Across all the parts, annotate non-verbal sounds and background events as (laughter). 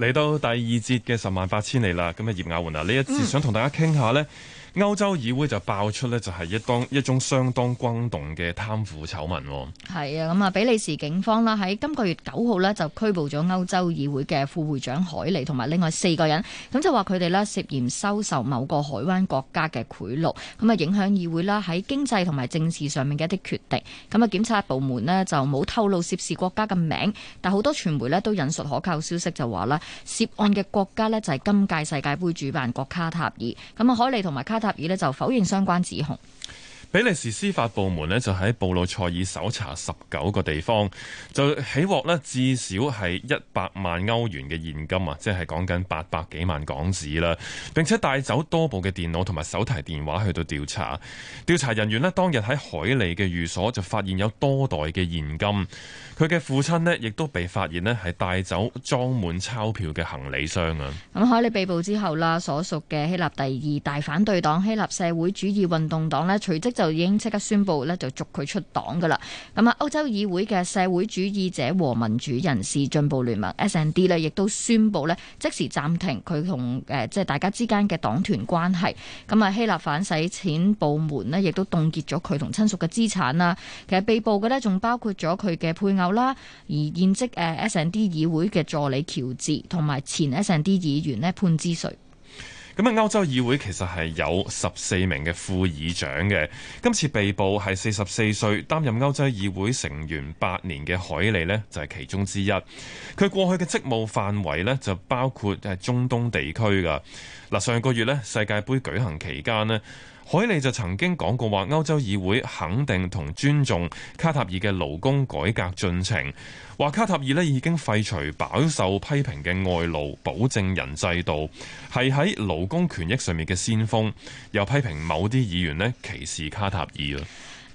嚟到第二節嘅十萬八千里啦，咁啊葉亞煥啊，呢一節想同大家傾下咧。嗯歐洲議會就爆出呢，就係一當一宗相當轟動嘅貪腐醜聞。係啊，咁啊，比利時警方啦喺今個月九號呢，就拘捕咗歐洲議會嘅副會長海利同埋另外四個人，咁就話佢哋呢涉嫌收受某個海灣國家嘅賄賂，咁啊影響議會啦喺經濟同埋政治上面嘅一啲決定。咁啊，檢察部門呢，就冇透露涉事國家嘅名，但好多傳媒呢，都引述可靠消息就話呢涉案嘅國家呢，就係今屆世界盃主辦國卡塔爾。咁啊，海利同埋卡答爾咧就否認相關指控。比利時司法部門咧就喺布魯塞爾搜查十九個地方，就起獲咧至少係一百萬歐元嘅現金啊，即係講緊八百幾萬港紙啦。並且帶走多部嘅電腦同埋手提電話去到調查。調查人員咧當日喺海利嘅寓所就發現有多袋嘅現金。佢嘅父親咧亦都被發現咧係帶走裝滿鈔票嘅行李箱啊。咁海利被捕之後啦，所屬嘅希臘第二大反對黨希臘社會主義運動黨咧隨即，就已經即刻宣布咧，就逐佢出黨噶啦。咁啊，歐洲議會嘅社會主義者和民主人士進步聯盟 S&D 呢，亦都宣布咧即時暫停佢同誒即係大家之間嘅黨團關係。咁啊，希臘反洗錢部門呢，亦都凍結咗佢同親屬嘅資產啦。其實被捕嘅呢，仲包括咗佢嘅配偶啦，而現職誒 S&D 議會嘅助理喬治同埋前 S&D 議員呢，潘之瑞。咁啊，歐洲議會其實係有十四名嘅副議長嘅。今次被捕係四十四歲，擔任歐洲議會成員八年嘅海利呢，就係其中之一。佢過去嘅職務範圍呢，就包括係中東地區㗎。嗱，上個月呢，世界盃舉行期間呢。海利就曾經講過話，歐洲議會肯定同尊重卡塔爾嘅勞工改革進程，話卡塔爾呢，已經廢除飽受批評嘅外勞保證人制度，係喺勞工權益上面嘅先鋒，又批評某啲議員呢歧視卡塔爾。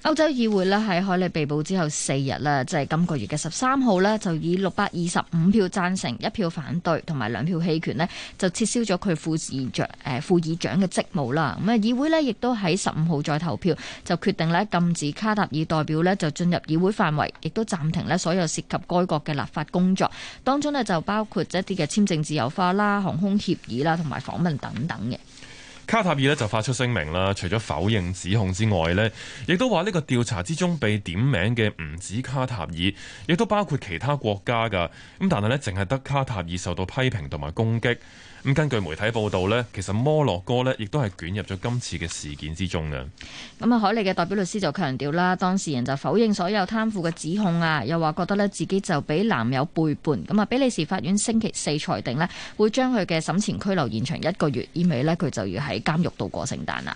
歐洲議會咧喺海利被捕之後四日咧，即係今個月嘅十三號咧，就以六百二十五票贊成、一票反對同埋兩票棄權咧，就撤銷咗佢副議長誒副議長嘅職務啦。咁啊，議會咧亦都喺十五號再投票，就決定咧禁止卡塔爾代表咧就進入議會範圍，亦都暫停咧所有涉及該國嘅立法工作。當中咧就包括一啲嘅簽證自由化啦、航空協議啦同埋訪問等等嘅。卡塔爾呢就發出聲明啦，除咗否認指控之外呢，亦都話呢個調查之中被點名嘅唔止卡塔爾，亦都包括其他國家噶。咁但係呢，淨係得卡塔爾受到批評同埋攻擊。咁根據媒體報道呢，其實摩洛哥呢亦都係捲入咗今次嘅事件之中嘅。咁啊，海利嘅代表律師就強調啦，當事人就否認所有貪腐嘅指控啊，又話覺得呢自己就俾男友背叛。咁啊，比利時法院星期四裁定呢，會將佢嘅審前拘留延長一個月，意味呢佢就要喺監獄度過聖誕啦。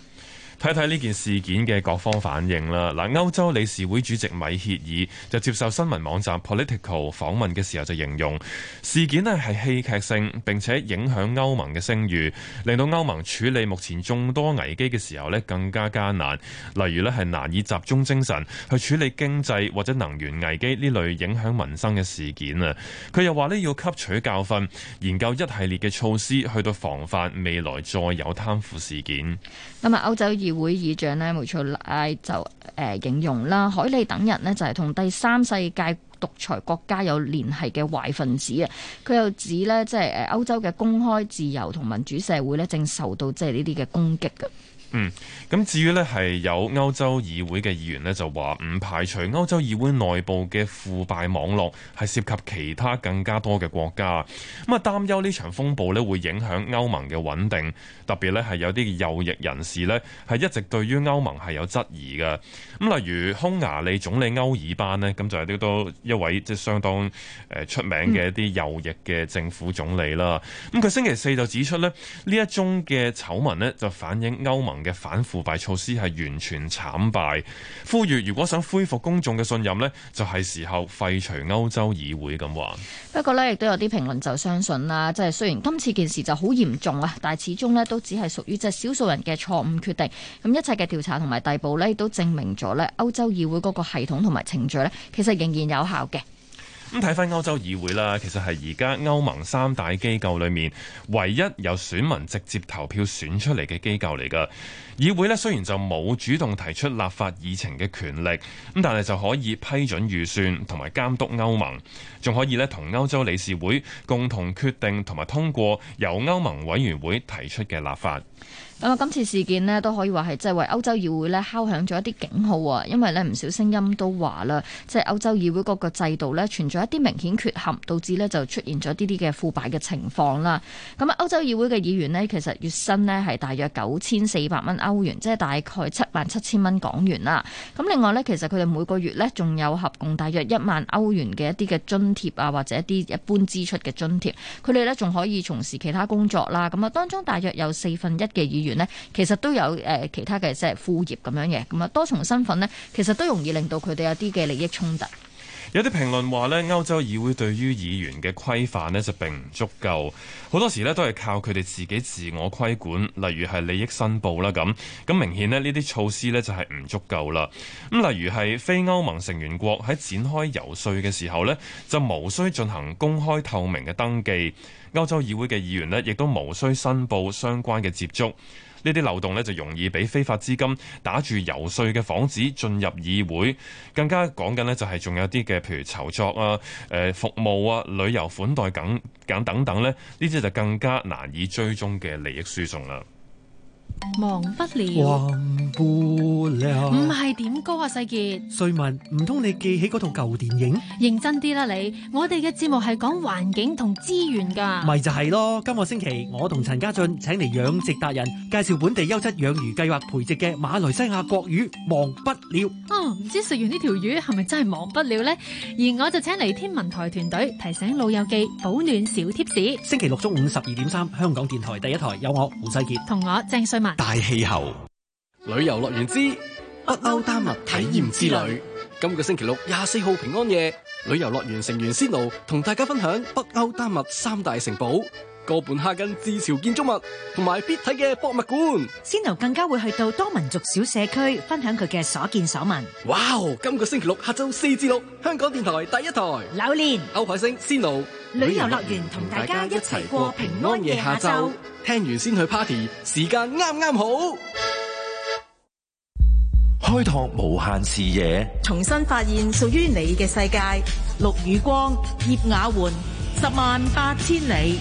睇睇呢件事件嘅各方反應啦。嗱，歐洲理事會主席米歇爾就接受新聞網站 Political 訪問嘅時候就形容事件呢係戲劇性，並且影響歐盟嘅聲譽，令到歐盟處理目前眾多危機嘅時候呢更加艱難，例如呢係難以集中精神去處理經濟或者能源危機呢類影響民生嘅事件啊。佢又話呢要吸取教訓，研究一系列嘅措施去到防範未來再有貪腐事件。咁啊，歐洲議會議長咧，冇錯啦，就誒、呃、形容啦，海利等人呢，就係、是、同第三世界獨裁國家有聯繫嘅壞分子啊。佢又指咧，即係誒歐洲嘅公開自由同民主社會咧，正受到即係呢啲嘅攻擊噶。嗯，咁至於呢，係有歐洲議會嘅議員呢，就話唔排除歐洲議會內部嘅腐敗網絡係涉及其他更加多嘅國家。咁啊，擔憂呢場風暴呢，會影響歐盟嘅穩定。特別呢，係有啲右翼人士呢，係一直對於歐盟係有質疑嘅。咁例如匈牙利總理歐爾班呢，咁就係啲多一位即係相當誒出名嘅一啲右翼嘅政府總理啦。咁佢、嗯、星期四就指出呢，呢一宗嘅醜聞呢，就反映歐盟嘅反腐敗措施係完全慘敗，呼籲，如果想恢復公眾嘅信任呢，就係時候廢除歐洲議會咁話。不過呢，亦都有啲評論就相信啦，即係雖然今次件事就好嚴重啊，但係始終呢都只係屬於即係少數人嘅錯誤決定。咁一切嘅調查同埋逮捕呢，亦都證明咗呢，歐洲議會嗰個系統同埋程序呢，其實仍然有效嘅。咁睇翻歐洲議會啦，其實係而家歐盟三大機構裏面唯一有選民直接投票選出嚟嘅機構嚟㗎。議會呢，雖然就冇主動提出立法議程嘅權力，咁但係就可以批准預算同埋監督歐盟，仲可以咧同歐洲理事會共同決定同埋通過由歐盟委員會提出嘅立法。咁啊、嗯，今次事件咧都可以話係即係為歐洲議會咧敲響咗一啲警號啊！因為咧唔少聲音都話啦，即、就、係、是、歐洲議會嗰個制度咧存在一啲明顯缺陷，導致咧就出現咗啲啲嘅腐敗嘅情況啦。咁、嗯、啊，歐洲議會嘅議員咧其實月薪咧係大約九千四百蚊歐元，即係大概七萬七千蚊港元啦。咁、嗯、另外咧，其實佢哋每個月咧仲有合共大約一萬歐元嘅一啲嘅津貼啊，或者一啲一般支出嘅津貼。佢哋咧仲可以從事其他工作啦。咁、嗯、啊，當中大約有四分一嘅議員咧，其實都有誒其他嘅即係副業咁樣嘅，咁啊多重身份咧，其實都容易令到佢哋有啲嘅利益衝突。有啲評論話咧，歐洲議會對於議員嘅規範咧就並唔足夠，好多時咧都係靠佢哋自己自我規管，例如係利益申報啦咁。咁明顯咧，呢啲措施咧就係唔足夠啦。咁例如係非歐盟成員國喺展開游說嘅時候咧，就無需進行公開透明嘅登記。歐洲議會嘅議員咧，亦都無需申報相關嘅接觸。呢啲漏洞咧就容易俾非法資金打住游說嘅幌子進入議會，更加講緊呢，就係仲有啲嘅譬如籌作啊、誒、呃、服務啊、旅遊款待等等等等呢，呢啲就更加難以追蹤嘅利益輸送啦。忘不了，忘不了，唔係點歌啊，世杰。瑞文，唔通你記起嗰套舊電影？認真啲啦，你，我哋嘅節目係講環境同資源噶。咪就係咯，今個星期我同陳家俊請嚟養殖達人介紹本地優質養魚計劃培植嘅馬來西亞國魚忘不了。哦，唔知食完呢條魚係咪真係忘不了咧？而我就請嚟天文台團隊提醒老友記保暖小貼士。星期六中午十二點三，香港電台第一台有我胡世杰同我鄭瑞文。大氣候，旅遊樂園之北歐丹麥體驗之旅。今個星期六廿四號平安夜，旅遊樂園成員仙奴同大家分享北歐丹麥三大城堡、哥本哈根自嘲建築物同埋必睇嘅博物館。仙奴更加會去到多民族小社區，分享佢嘅所見所聞。哇、wow, 今個星期六下周四至六，香港電台第一台，柳蓮歐海星仙奴。旅遊樂園同大家一齊過平安夜下晝，下聽完先去 party，時間啱啱好。開拓無限視野，重新發現屬於你嘅世界。陸宇光、葉雅媛，十萬八千里。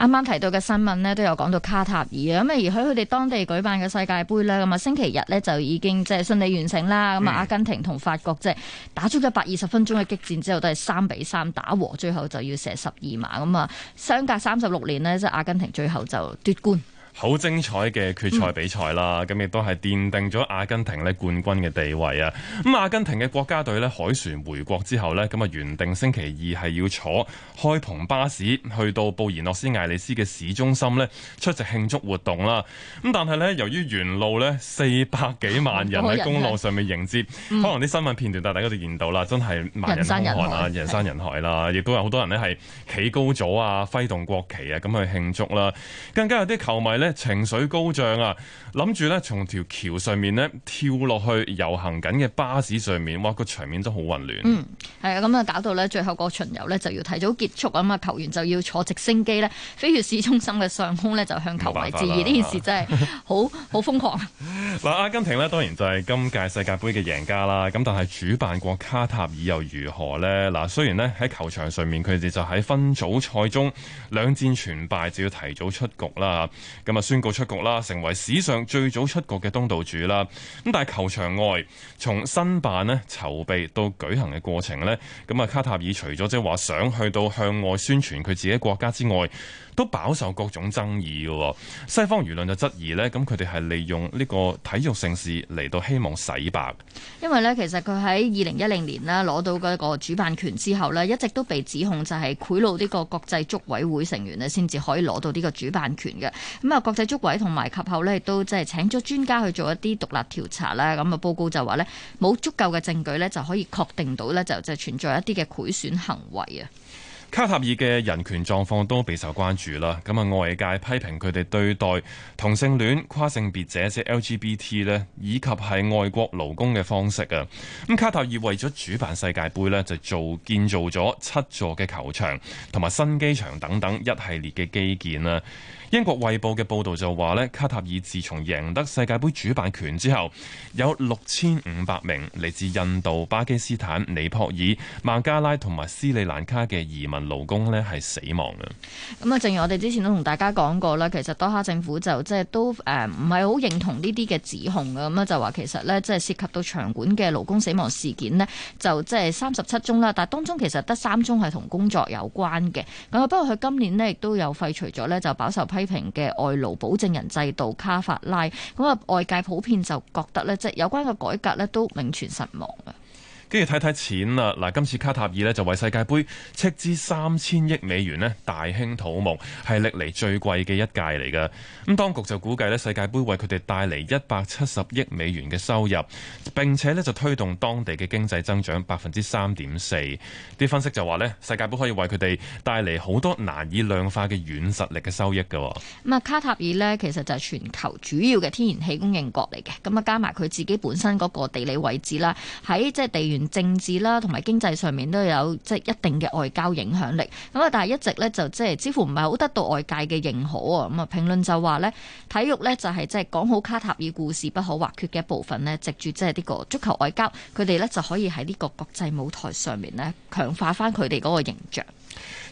啱啱提到嘅新聞呢，都有講到卡塔爾啊，咁啊而喺佢哋當地舉辦嘅世界盃呢，咁啊星期日呢就已經即係順利完成啦。咁啊阿根廷同法國即係打足一百二十分鐘嘅激戰之後，都係三比三打和，最後就要射十二碼咁啊，相隔三十六年呢，即係阿根廷最後就奪冠。好精彩嘅決賽比賽啦！咁、嗯、亦都係奠定咗阿根廷咧冠軍嘅地位啊！咁阿根廷嘅國家隊咧凱旋回國之後咧，咁啊原定星期二係要坐開篷巴士去到布宜諾斯艾利斯嘅市中心咧出席慶祝活動啦。咁但係咧由於沿路咧四百幾萬人喺公路上面迎接，人人可能啲新聞片段大家都見到啦，嗯、真係萬人空巷啊，人山人海啦！亦都有好多人咧係企高咗啊，揮動國旗啊，咁去慶祝啦。更加有啲球迷。情緒高漲啊，諗住咧從條橋上面咧跳落去遊行緊嘅巴士上面，哇，個場面都好混亂。嗯，係啊，咁啊搞到咧最後個巡遊咧就要提早結束啊嘛，球員就要坐直升機呢飛越市中心嘅上空呢就向球迷致意。呢件事真係好好瘋狂。嗱， (laughs) 阿根廷咧當然就係今屆世界盃嘅贏家啦，咁但係主辦國卡塔爾又如何呢？嗱，雖然呢，喺球場上面佢哋就喺分組賽中兩戰全敗，就要提早出局啦。咁啊，宣告出局啦，成為史上最早出局嘅東道主啦。咁但係球場外，從申辦咧、籌備到舉行嘅過程咧，咁啊，卡塔爾除咗即係話想去到向外宣傳佢自己國家之外，都飽受各種爭議嘅。西方輿論就質疑咧，咁佢哋係利用呢個體育盛事嚟到希望洗白。因為咧，其實佢喺二零一零年咧攞到嗰個主辦權之後咧，一直都被指控就係賄賂呢個國際足委會成員咧，先至可以攞到呢個主辦權嘅。咁啊。國際足委同埋及後咧，亦都即係請咗專家去做一啲獨立調查啦。咁啊，報告就話咧，冇足夠嘅證據咧，就可以確定到咧，就就係存在一啲嘅賄選行為啊。卡塔爾嘅人權狀況都備受關注啦，咁啊，外界批評佢哋對待同性戀跨性別者即 LGBT 咧，以及係外國勞工嘅方式啊。咁卡塔爾為咗主辦世界盃咧，就做建造咗七座嘅球場同埋新機場等等一系列嘅基建啦。英國衛報嘅報道就話咧，卡塔爾自從贏得世界盃主辦權之後，有六千五百名嚟自印度、巴基斯坦、尼泊爾、孟加拉同埋斯里蘭卡嘅移民勞工咧係死亡嘅。咁啊、嗯，正如我哋之前都同大家講過啦，其實多哈政府就即係都誒唔係好認同呢啲嘅指控啊。咁、嗯、啊，就話其實呢，即係涉及到場館嘅勞工死亡事件呢，就即係三十七宗啦。但係當中其實得三宗係同工作有關嘅。咁啊，不過佢今年呢，亦都有廢除咗呢，就飽受批評嘅外勞保證人制度卡法拉。咁、嗯、啊，外界普遍就覺得呢，即係有關嘅改革呢，都名存實亡。跟住睇睇錢啦！嗱，今次卡塔爾呢就為世界盃斥資三千億美元呢大興土木，係歷嚟最貴嘅一屆嚟㗎。咁當局就估計呢，世界盃為佢哋帶嚟一百七十億美元嘅收入，並且呢就推動當地嘅經濟增長百分之三點四。啲分析就話呢，世界盃可以為佢哋帶嚟好多難以量化嘅軟實力嘅收益㗎。咁啊，卡塔爾呢其實就係全球主要嘅天然氣供應國嚟嘅，咁啊加埋佢自己本身嗰個地理位置啦，喺即係地緣。政治啦，同埋經濟上面都有即係一定嘅外交影響力。咁啊，但係一直咧就即係似乎唔係好得到外界嘅認可啊。咁啊，評論就話咧，體育咧就係即係講好卡塔爾故事不可或缺嘅一部分呢，藉住即係呢個足球外交，佢哋咧就可以喺呢個國際舞台上面咧強化翻佢哋嗰個形象。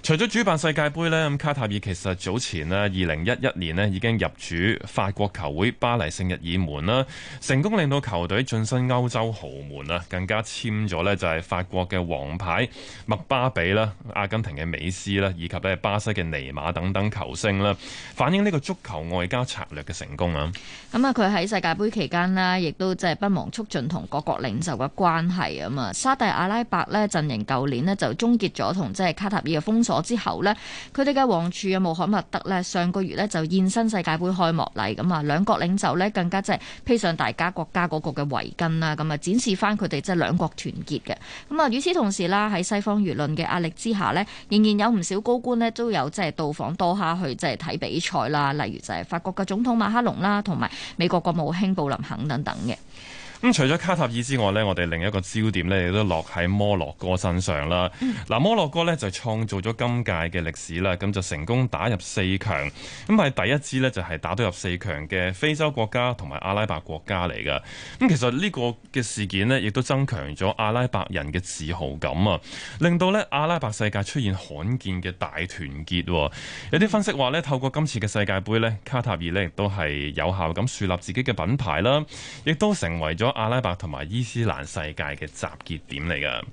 除咗主辦世界盃咧，咁卡塔爾其實早前咧，二零一一年咧已經入主法國球會巴黎聖日耳門啦，成功令到球隊晉身歐洲豪門啊，更加簽咗咧就係法國嘅王牌麥巴比啦、阿根廷嘅美斯啦，以及咧巴西嘅尼馬等等球星啦，反映呢個足球外交策略嘅成功啊！咁啊，佢喺世界盃期間咧，亦都即係不忘促進同各國領袖嘅關係啊嘛。沙特阿拉伯咧陣營舊年咧就終結咗同即係卡塔爾嘅封鎖。之後呢，佢哋嘅王儲阿穆罕默德呢，上個月呢就現身世界杯開幕禮咁啊，兩國領袖呢更加即係披上大家國家嗰個嘅圍巾啦，咁啊展示翻佢哋即係兩國團結嘅。咁啊，與此同時啦，喺西方輿論嘅壓力之下呢，仍然有唔少高官呢都有即係到訪多哈去即係睇比賽啦，例如就係法國嘅總統馬克龍啦，同埋美國國務卿布林肯等等嘅。咁除咗卡塔爾之外咧，我哋另一個焦點咧亦都落喺摩洛哥身上啦。嗱，摩洛哥咧就創造咗今屆嘅歷史啦，咁就成功打入四強。咁係第一支咧就係打到入四強嘅非洲國家同埋阿拉伯國家嚟噶。咁其實呢個嘅事件咧，亦都增強咗阿拉伯人嘅自豪感啊，令到咧阿拉伯世界出現罕見嘅大團結。有啲分析話咧，透過今次嘅世界盃咧，卡塔爾咧亦都係有效咁樹立自己嘅品牌啦，亦都成為咗。阿拉伯同埋伊斯蘭世界嘅集結點嚟噶。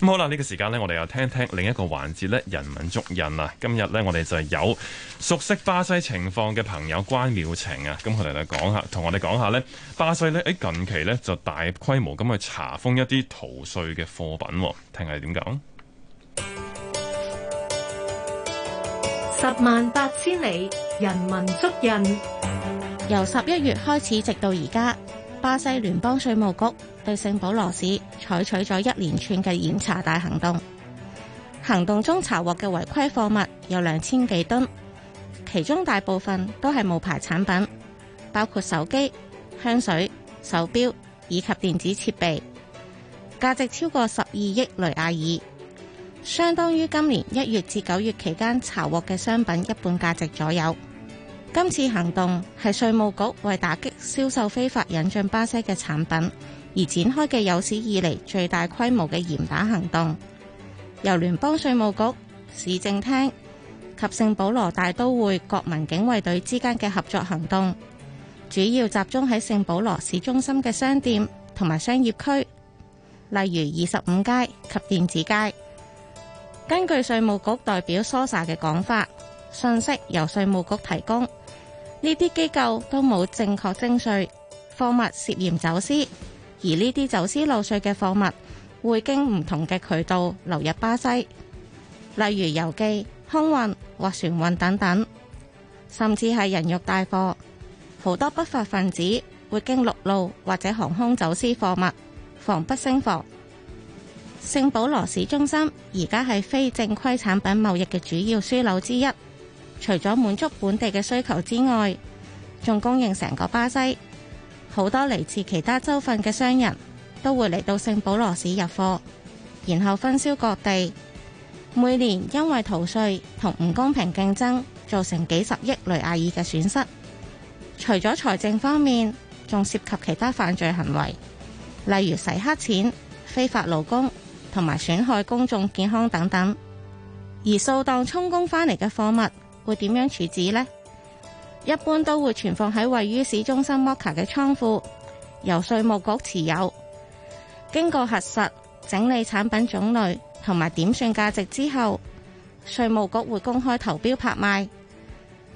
咁好啦，呢個時間呢，我哋又聽聽另一個環節咧，人文足印啊！今日呢，我哋就有熟悉巴西情況嘅朋友關淼晴啊，咁佢哋嚟講下，同我哋講下呢，巴西咧喺近期呢，就大規模咁去查封一啲逃稅嘅貨品，聽係點講？十萬八千里，人文足印，由十一月開始，直到而家。巴西聯邦稅務局對聖保羅市採取咗一連串嘅檢查大行動，行動中查獲嘅違規貨物有兩千幾噸，其中大部分都係冒牌產品，包括手機、香水、手錶以及電子設備，價值超過十二億雷亞爾，相當於今年一月至九月期間查獲嘅商品一半價值左右。今次行動係稅務局為打擊銷售非法引進巴西嘅產品而展開嘅有史以嚟最大規模嘅嚴打行動，由聯邦稅務局、市政廳及聖保羅大都會國民警衛隊之間嘅合作行動，主要集中喺聖保羅市中心嘅商店同埋商業區，例如二十五街及電子街。根據稅務局代表 Sosa 嘅講法，信息由稅務局提供。呢啲機構都冇正確徵稅，貨物涉嫌走私，而呢啲走私漏稅嘅貨物會經唔同嘅渠道流入巴西，例如郵寄、空運或船運等等，甚至係人肉帶貨。好多不法分子會經陸路或者航空走私貨物，防不勝防。聖保羅市中心而家係非正規產品貿易嘅主要樞紐之一。除咗滿足本地嘅需求之外，仲供應成個巴西，好多嚟自其他州份嘅商人，都會嚟到聖保羅市入貨，然後分銷各地。每年因為逃稅同唔公平競爭，造成幾十億雷亞爾嘅損失。除咗財政方面，仲涉及其他犯罪行為，例如洗黑錢、非法勞工同埋損害公眾健康等等。而掃蕩充公返嚟嘅貨物，會點樣處置呢？一般都會存放喺位於市中心 Moka 嘅倉庫，由稅務局持有。經過核實、整理產品種類同埋點算價值之後，稅務局會公開投標拍賣，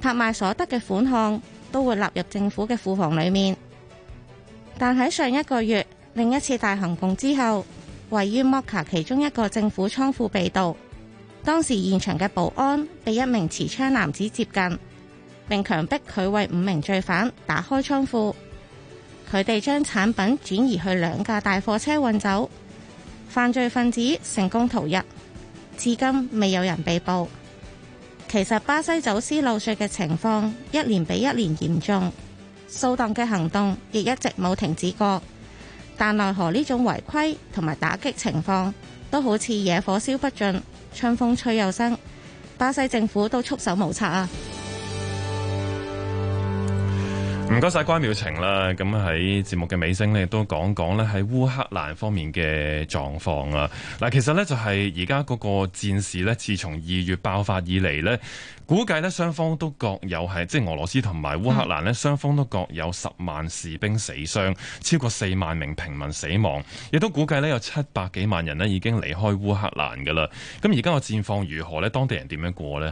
拍賣所得嘅款項都會納入政府嘅庫房裏面。但喺上一個月，另一次大行動之後，位於 Moka 其中一個政府倉庫被盜。當時現場嘅保安被一名持槍男子接近，並強迫佢為五名罪犯打開倉庫。佢哋將產品轉移去兩架大貨車運走，犯罪分子成功逃逸，至今未有人被捕。其實巴西走私漏稅嘅情況一年比一年嚴重，掃蕩嘅行動亦一直冇停止過，但奈何呢種違規同埋打擊情況都好似野火燒不盡，春風吹又生，巴西政府都束手無策啊。唔該晒關淼晴啦，咁喺節目嘅尾聲咧，都講講咧喺烏克蘭方面嘅狀況啊。嗱，其實咧就係而家嗰個戰事咧，自從二月爆發以嚟咧，估計咧雙方都各有係，即係俄羅斯同埋烏克蘭咧，雙方都各有十萬士兵死傷，超過四萬名平民死亡，亦都估計咧有七百幾萬人咧已經離開烏克蘭噶啦。咁而家個戰況如何咧？當地人點樣過咧？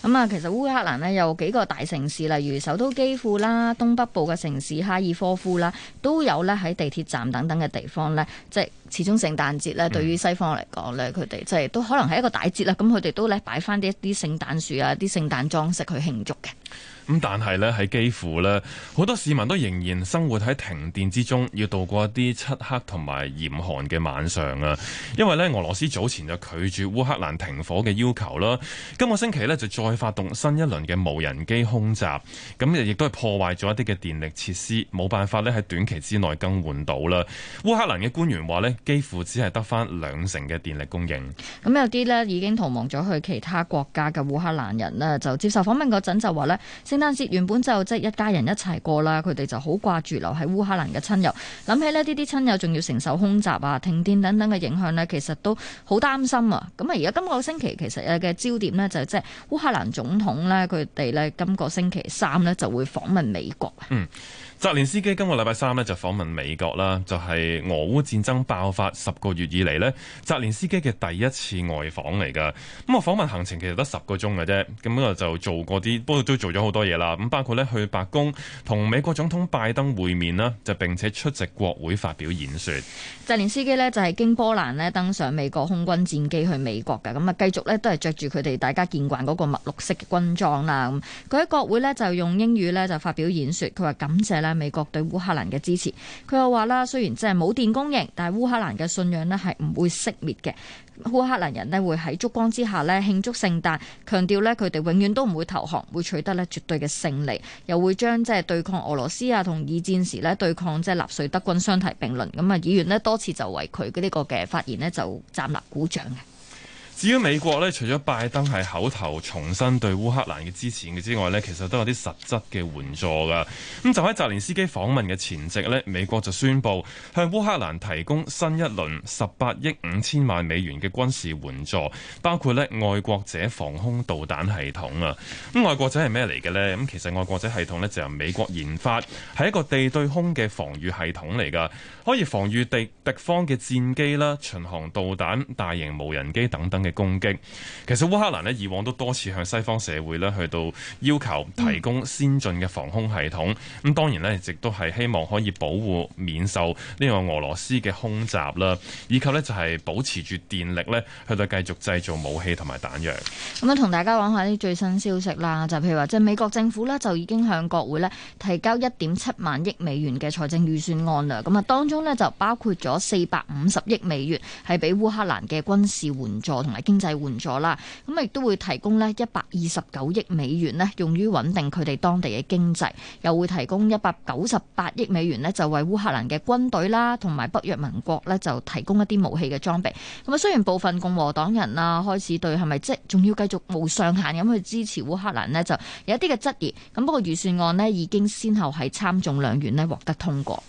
係咁啊，其實烏克蘭咧有幾個大城市，例如首都基輔啦，東。東北部嘅城市哈爾科夫啦，都有咧喺地鐵站等等嘅地方咧，即係始終聖誕節咧，對於西方嚟講咧，佢哋即係都可能係一個大節啦。咁佢哋都咧擺翻啲一啲聖誕樹啊，啲聖誕裝飾去慶祝嘅。咁但係咧，喺基輔咧，好多市民都仍然生活喺停電之中，要度過一啲漆黑同埋嚴寒嘅晚上啊！因為咧，俄羅斯早前就拒絕烏克蘭停火嘅要求啦，今個星期咧就再發動新一輪嘅無人機空襲，咁亦都係破壞咗一啲嘅電力設施，冇辦法咧喺短期之內更換到啦。烏克蘭嘅官員話咧，幾乎只係得返兩成嘅電力供應。咁、嗯、有啲咧已經逃亡咗去其他國家嘅烏克蘭人咧，就接受訪問嗰陣就話咧，聖誕節原本就即係一家人一齊過啦，佢哋就好掛住留喺烏克蘭嘅親友，諗起呢啲親友仲要承受空襲啊、停電等等嘅影響呢，其實都好擔心啊！咁啊，而家今個星期其實嘅焦點呢，就即係烏克蘭總統呢，佢哋呢今個星期三呢就會訪問美國啊。嗯澤連斯基今個禮拜三呢，就訪問美國啦，就係俄烏戰爭爆發十個月以嚟呢，澤連斯基嘅第一次外訪嚟噶。咁啊，訪問行程其實得十個鐘嘅啫，咁啊就做過啲，不過都做咗好多嘢啦。咁包括呢，去白宮同美國總統拜登會面啦，就並且出席國會發表演說。澤連斯基呢，就係經波蘭咧登上美國空軍戰機去美國噶，咁啊繼續呢，都係着住佢哋大家見慣嗰個墨綠色嘅軍裝啦。咁佢喺國會呢，就用英語呢，就發表演說，佢話感謝咧。美國對烏克蘭嘅支持，佢又話啦，雖然即係冇電供應，但係烏克蘭嘅信仰呢係唔會熄滅嘅。烏克蘭人呢會喺燭光之下呢慶祝聖誕，強調呢佢哋永遠都唔會投降，會取得呢絕對嘅勝利，又會將即係對抗俄羅斯啊同二戰時呢對抗即係納粹德軍相提並論。咁啊，議員呢多次就為佢嘅呢個嘅發言呢就站立鼓掌嘅。至於美國咧，除咗拜登係口頭重新對烏克蘭嘅支持嘅之外咧，其實都有啲實質嘅援助噶。咁就喺澤連斯基訪問嘅前夕咧，美國就宣布向烏克蘭提供新一輪十八億五千萬美元嘅軍事援助，包括咧愛國者防空導彈系統啊。咁愛國者係咩嚟嘅呢？咁其實愛國者系統呢，就由美國研發，係一個地對空嘅防禦系統嚟噶。可以防禦敵敵方嘅戰機啦、巡航導彈、大型無人機等等嘅攻擊。其實烏克蘭咧以往都多次向西方社會咧去到要求提供先進嘅防空系統。咁、嗯、當然咧，亦都係希望可以保護免受呢個俄羅斯嘅空襲啦，以及咧就係、是、保持住電力咧去到繼續製造武器同埋彈藥。咁啊，同大家講下啲最新消息啦，就是、譬如話，即、就、係、是、美國政府咧就已經向國會咧提交一點七萬億美元嘅財政預算案啦。咁啊，當中呢就包括咗四百五十億美元係俾烏克蘭嘅軍事援助同埋經濟援助啦，咁亦都會提供呢一百二十九億美元呢用於穩定佢哋當地嘅經濟，又會提供一百九十八億美元呢就為烏克蘭嘅軍隊啦同埋北約盟國呢就提供一啲武器嘅裝備。咁啊，雖然部分共和黨人啊開始對係咪即係仲要繼續無上限咁去支持烏克蘭呢，就有一啲嘅質疑。咁不過預算案呢已經先後喺參眾兩院呢獲得通過。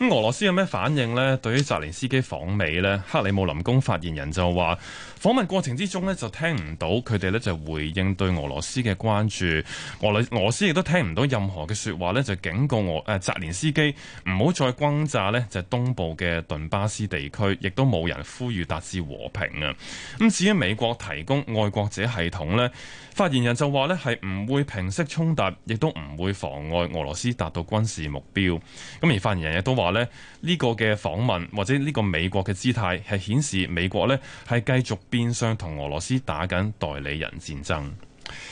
俄羅斯有咩反應呢？對於澤連斯基訪美咧，克里姆林宮發言人就話，訪問過程之中咧就聽唔到佢哋咧就回應對俄羅斯嘅關注。俄羅俄斯亦都聽唔到任何嘅說話咧，就警告俄誒澤連斯基唔好再轟炸咧就東部嘅頓巴斯地區，亦都冇人呼籲達至和平啊。咁至於美國提供愛國者系統咧，發言人就話咧係唔會平息衝突，亦都唔會妨礙俄羅斯達到軍事目標。咁而發言人亦都話，話呢呢個嘅訪問或者呢個美國嘅姿態，係顯示美國呢係繼續變相同俄羅斯打緊代理人戰爭。